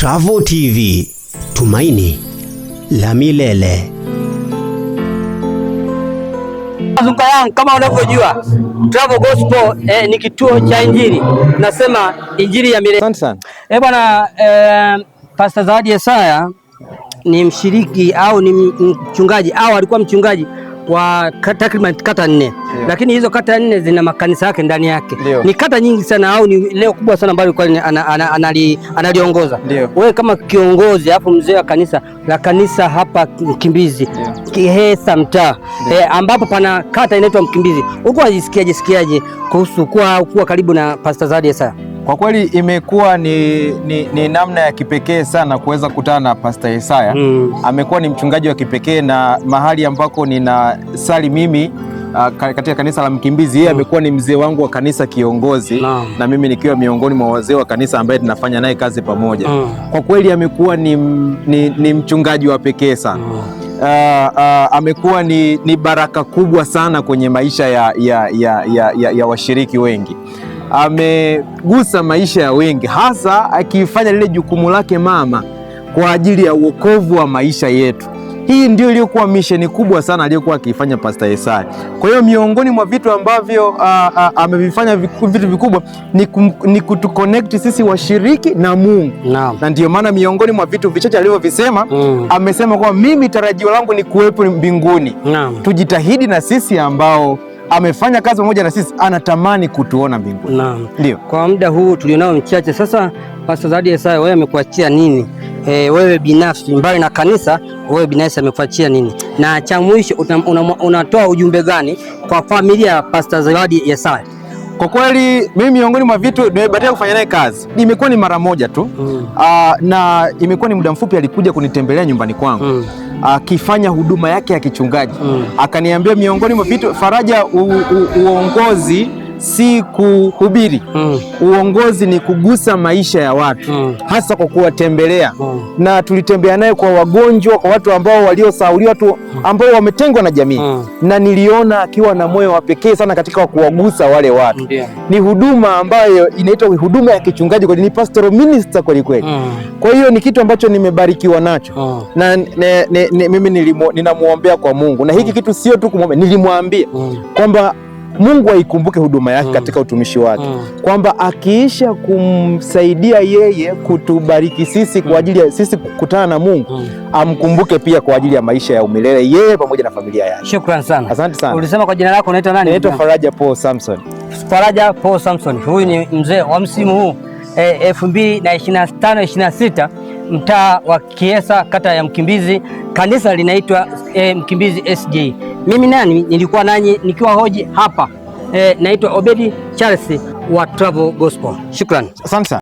Travel TV, tumaini la milele. yangu kama unavyojua Travel Gospel eh, ni kituo cha injili, nasema injili ya milele. Asante sana eh bwana eh, Pastor Zawadi Yesaya ni mshiriki au ni mchungaji au alikuwa mchungaji wa takriban kata nne, lakini hizo kata nne zina makanisa yake ndani yake. Ni kata nyingi sana au ni eneo kubwa sana ambalo analiongoza wewe kama kiongozi, alafu mzee wa kanisa la kanisa hapa Mkimbizi Kihesa mtaa e, ambapo pana kata inaitwa Mkimbizi. huko unajisikiaje sikiaje kuhusu kuwa karibu na Pastor Zakaria? Kwa kweli imekuwa ni, ni, ni namna ya kipekee sana kuweza kukutana na Pasta Yesaya mm. Amekuwa ni mchungaji wa kipekee na mahali ambako nina sali mimi uh, katika kanisa la Mkimbizi yeye mm. amekuwa ni mzee wangu wa kanisa kiongozi na, na mimi nikiwa miongoni mwa wazee wa kanisa ambaye tunafanya naye kazi pamoja mm. Kwa kweli amekuwa ni, ni, ni mchungaji wa pekee sana mm. Uh, uh, amekuwa ni, ni baraka kubwa sana kwenye maisha ya, ya, ya, ya, ya, ya washiriki wengi amegusa maisha ya wengi, hasa akifanya lile jukumu lake mama kwa ajili ya uokovu wa maisha yetu. Hii ndio iliyokuwa misheni kubwa sana aliyokuwa akiifanya Pasta Yesaya. Kwa hiyo miongoni mwa vitu ambavyo amevifanya vitu vikubwa ni, ni kutuconnect sisi washiriki na Mungu na, na ndio maana miongoni mwa vitu vichache alivyovisema mm. amesema kwamba mimi tarajio langu ni kuwepo mbinguni tujitahidi na sisi ambao amefanya kazi pamoja na sisi, anatamani kutuona mbinguni. Naam, ndio kwa muda huu tulionao mchache sasa. Pastor Zawadi Yesaya, wewe amekuachia nini? E, wewe binafsi mbali na kanisa, wewe binafsi amekuachia nini? Na cha mwisho unatoa una, una ujumbe gani kwa familia ya Pasta Zawadi Yesaya? Kwa kweli mimi miongoni mwa vitu nimebahatika kufanya naye kazi imekuwa ni mara moja tu mm. Aa, ah, na imekuwa ni muda mfupi, alikuja kunitembelea nyumbani kwangu mm. akifanya huduma yake ya kichungaji mm. akaniambia miongoni mwa vitu Faraja, u, u, uongozi si kuhubiri mm. Uongozi ni kugusa maisha ya watu mm. hasa kwa kuwatembelea mm. na tulitembea naye kwa wagonjwa, kwa watu ambao waliosahauliwa, tu, mm. ambao wametengwa na jamii mm. na niliona akiwa na moyo wa pekee sana katika kuwagusa wale watu yeah. Ni huduma ambayo inaitwa huduma ya kichungaji, kwa ni pastoral minister kweli kweli mm. Kwa hiyo ni kitu ambacho nimebarikiwa nacho mm. na ne, ne, ne, mimi ninamuombea kwa Mungu na hiki mm. kitu sio tu kumwombea, nilimwambia mm. kwamba Mungu aikumbuke huduma yake mm. katika utumishi wake, mm. kwamba akiisha kumsaidia yeye kutubariki sisi kwa mm. ajili ya sisi kukutana na Mungu, amkumbuke pia kwa ajili ya maisha ya umilele yeye pamoja na familia yake. Shukrani sana. Asante sana. Ulisema kwa jina lako unaitwa nani? Naitwa Faraja Paul Samson. Faraja Paul Samson. Huyu ni mzee wa msimu huu 2025 eh, 26 mtaa wa Kiesa, kata ya Mkimbizi. Kanisa linaitwa e, Mkimbizi SJ. Mimi nani nilikuwa nanyi nikiwa hoji hapa e, naitwa Obedi Charles wa Travel Gospel. Shukrani, asante sana.